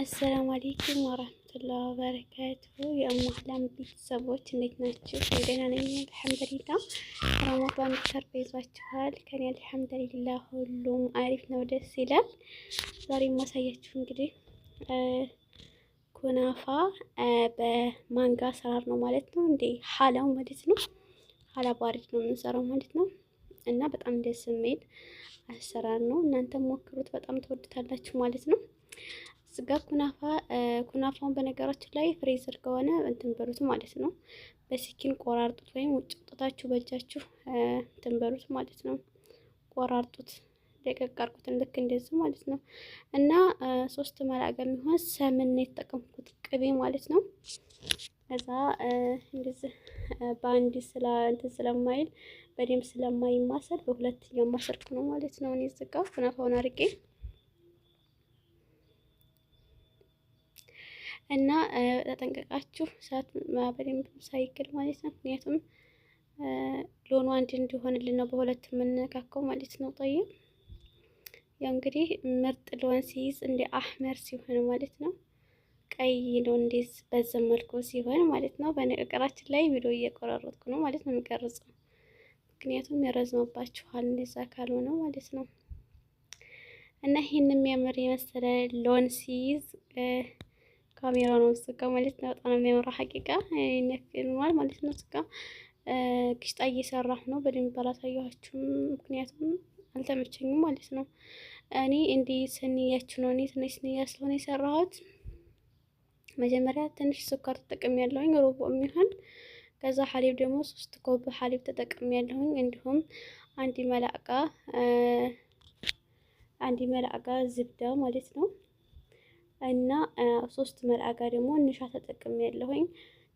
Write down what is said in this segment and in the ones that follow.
አሰላሙ አሌይኩም ወራህመቱላሂ ወበረካቱ የአማህላም ቤተሰቦች እንዴት ናችሁ? ደህና ነኝ አልሐምዱሊላ። ረመዳን ፍጥር ይዟችኋል? ከኔ አልሐምዱሊላ ሁሉም አሪፍ ነው፣ ደስ ይላል። ዛሬ የማሳያችሁ እንግዲህ ኩናፋ በማንጋ አሰራር ነው ማለት ነው። እንደ ሀላው ማለት ነው። ሀላ ባሪድ ነው የምንሰራው ማለት ነው። እና በጣም ደስ የሚል አሰራር ነው። እናንተም ሞክሩት፣ በጣም ትወዱታላችሁ ማለት ነው። ስጋ ኩናፋ ኩናፋውን በነገራችን ላይ ፍሬዘር ከሆነ እንትን በሉት ማለት ነው። በስኪን ቆራርጡት ወይም ውጭ ውጥታችሁ በእጃችሁ እንትን በሉት ማለት ነው። ቆራርጡት ደቀቅ አድርጉትን ልክ እንደዚህ ማለት ነው። እና ሶስት መላጋ የሚሆን ሰምን የተጠቀምኩት ቅቤ ማለት ነው። ከዛ እንደዚህ በአንድ ስላ እንትን ስለማይል በደንብ ስለማይማሰል በሁለት እያማሰርኩ ነው ማለት ነው። እኔ ዝጋ ኩናፋውን አርጌ እና ተጠንቀቃችሁ እሳት በደንብ ሳይክል ማለት ነው። ምክንያቱም ሎኑ አንድ እንዲሆንልን ነው በሁለት የምንነካከው ማለት ነው። ጠይም ያው እንግዲህ ምርጥ ሎን ሲይዝ እንደ አህመር ሲሆን ማለት ነው። ቀይ ነው እንዴት በዛ መልኩ ሲሆን ማለት ነው። በነገራችን ላይ ቪዲዮ እየቆራረጥኩ ነው ማለት ነው የሚቀርጸው፣ ምክንያቱም ይረዝምባችኋል እንደዛ ካልሆነ ማለት ነው። እና ይህን የሚያምር የመሰለ ሎን ሲይዝ ካሜራ ነው የምትስቀው ማለት ነው። በጣም የሚያምራ ሀቂቃ ይነክልማል ማለት ነው። ስቃ ክሽጣ እየሰራሁ ነው። በደንብ አላሳየኋችሁም፣ ምክንያቱም አልተመቸኝም ማለት ነው። እኔ እንዲህ ስንያችሁ ነው። እኔ ትንሽ ስንያ ስለሆነ የሰራሁት መጀመሪያ ትንሽ ስኳር ተጠቅም ያለውኝ ሩብ የሚሆን ከዛ ሀሊብ ደግሞ ሶስት ኮብ ሀሊብ ተጠቅም ያለሁኝ እንዲሁም አንድ መላቃ አንድ መላቃ ዝብዳ ማለት ነው። እና ሶስት ጋር ደግሞ እንሻ ተጠቅም ያለሁኝ።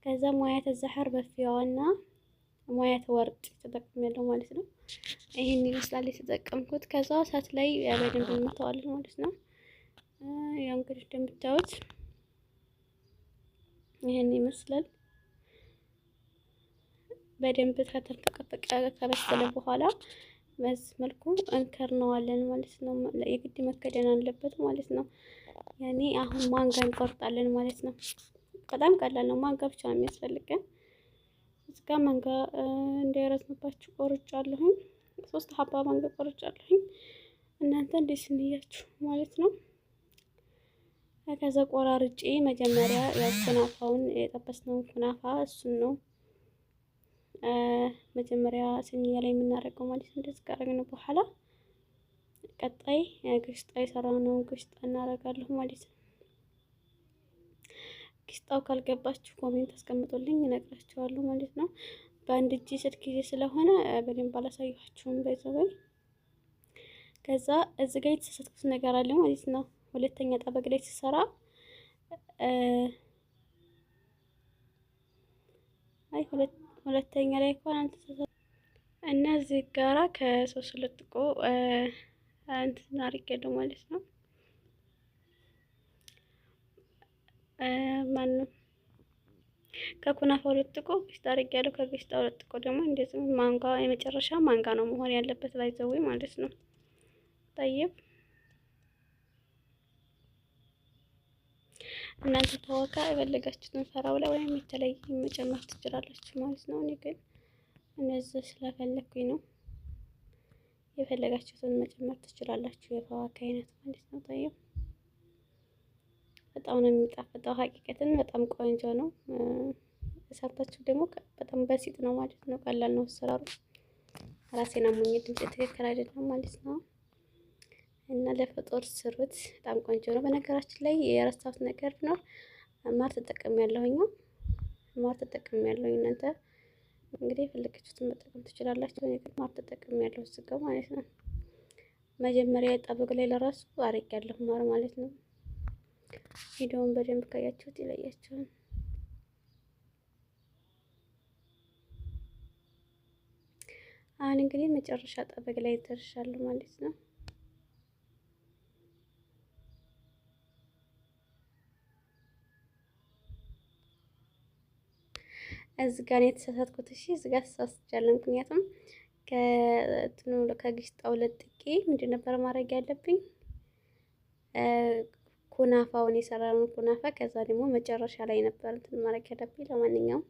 ከዛ ሙያተ ዛሐር በፊያዋና ሙያተ ወርቅ ተጠቅም ያለሁ ማለት ነው። ይህን ይመስላል የተጠቀምኩት። ከዛ እሳት ላይ በደንብ እንመታዋለን ማለት ነው። ያው እንግዲህ እንደምታዩት ይህን ይመስላል። በደንብ ከተፈቀፈቀ ከበሰለ በኋላ በዚህ መልኩ እንከርነዋለን ማለት ነው። የግድ መከደን አለበት ማለት ነው። ያኔ አሁን ማንጋ እንቆርጣለን ማለት ነው። በጣም ቀላል ነው። ማንጋ ብቻ ነው የሚያስፈልገን። እዚህ ጋር ማንጋ እንዳይረዝምባችሁ ቆርጫለሁኝ። ሶስት ሀባ ማንጋ ቆርጫለሁኝ። እናንተ እንዴት ስንያችሁ ማለት ነው። ከዛ ቆራርጬ መጀመሪያ ያው ኩናፋውን የጠበስነውን ኩናፋ እሱን ነው መጀመሪያ ስንያ ላይ የምናደርገው ማለት ነው። እንደዚህ ካደረግን በኋላ ቀጣይ ግሽጣ የሰራነውን ግሽጣ እናደርጋለሁ ማለት ነው። ግሽጣው ካልገባችሁ ኮሜንት አስቀምጡልኝ፣ እነግራችኋለሁ ማለት ነው። በአንድ እጅ ስልክ ጊዜ ስለሆነ በደንብ አላሳያችሁም በይዘበይ ከዛ እዚ ጋ የተሳሳትኩት ነገር አለ ማለት ነው። ሁለተኛ ጠበቅ ላይ ስሰራ አይ ሁለት ሁለተኛ ላይ ከሆነ አልተሳሳትኩም እና ጋራ ከሶስት ለጥቆ እንትን አድርጌያለሁ ማለት ነው። ማነው ከኩናፋ ለጥቆ ግስት አድርጌያለሁ። ከግስት ለጥቆ ደግሞ እንደዚህ ማንጋ የመጨረሻ ማንጋ ነው መሆን ያለበት ባይዘዌ ማለት ነው። ጠይብ እናንተ ተወካ የፈለጋችሁትን ፈራው ላይ ወይም የተለየ መጨመር ትችላላችሁ ማለት ነው። እኔ ግን እነዚህ ስለፈለኩኝ ነው። የፈለጋችሁትን መጨመር ትችላላችሁ፣ የፈዋካ አይነት ማለት ነው። ታየው በጣም ነው የሚጣፍጠው። ሀቂቀትን በጣም ቆንጆ ነው። ሰርታችሁ ደግሞ በጣም በሲጥ ነው ማለት ነው። ቀላል ነው አሰራሩ። ራሴን አሞኝ ድምፅ ትክክል አይደለም ማለት ነው። እና ለፍጡር ስሩት። በጣም ቆንጆ ነው። በነገራችን ላይ የረሳሁት ነገር ነው፣ ማር ተጠቅም ያለሁኝ ማር ተጠቅም ያለሁኝ እናንተ እንግዲህ የፈለገችሁትን መጠቀም ትችላላችሁ። እኔ ማር ተጠቅም ያለሁ ስጋው ማለት ነው። መጀመሪያ የጣበቅ ላይ ለራሱ አረግ ያለሁ ማር ማለት ነው። ቪዲዮውን በደንብ ካያችሁት ይለያችኋል። አሁን እንግዲህ መጨረሻ ጠበቅ ላይ ደርሻለሁ ማለት ነው። እዚ ጋር ነው የተሳሳትኩት። እሺ እዚ ጋር ተሳስቻለሁ። ምክንያቱም ከትኑ ከግሽጣው ለጥቄ ምንድን ነበር ማድረግ ያለብኝ? ኩናፋውን የሰራነው ኩናፋ ከዛ ደግሞ መጨረሻ ላይ ነበር እንትን ማድረግ ያለብኝ። ለማንኛውም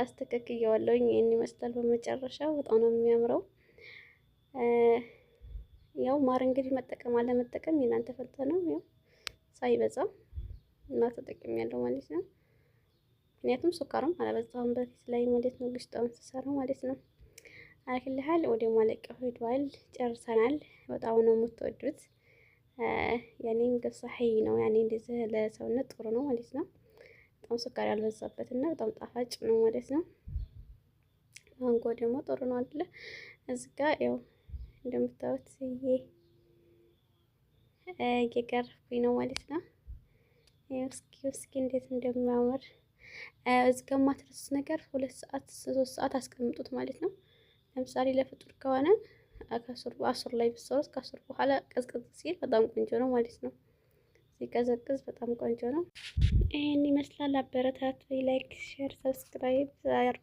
አስተካክያዋለሁኝ። ይህን ይመስላል በመጨረሻ። በጣም ነው የሚያምረው። ያው ማር እንግዲህ መጠቀም አለመጠቀም የእናንተ ፈንታ ነው። ያው ሳይበዛም እና ማለት ነው። ምክንያቱም ሱካሩም አላበዛሁም በፊት ላይ ማለት ነው። ግሽጣውን ስሰራው ማለት ነው። አልክልሃል ወደ ማለቀ ሄዷል። ጨርሰናል። በጣም ነው የምትወዱት። ያኔ ምግብ ሳህይ ነው። ያኔ እንደዚህ ለሰውነት ጥሩ ነው ማለት ነው። በጣም ሱካር ያልበዛበት እና በጣም ጣፋጭ ነው ማለት ነው። ማንጎ ደግሞ ጥሩ ነው አይደለ? እዚህ ጋ ያው እንደምታዩት ይሄ እየገረፍኩኝ ነው ማለት ነው። እስኪ እስኪ እንዴት እንደሚያምር እዚህ ጋር ማትረስ ነገር ሁለት ሰዓት ሶስት ሰዓት አስቀምጡት ማለት ነው። ለምሳሌ ለፍጡር ከሆነ ከአስር አስር ላይ ብትሰሩት ከአስር በኋላ ቀዝቀዝ ሲል በጣም ቆንጆ ነው ማለት ነው። ሲቀዘቅዝ በጣም ቆንጆ ነው። ይህን ይመስላል። አበረታት ላይክ፣ ሼር፣ ሰብስክራይብ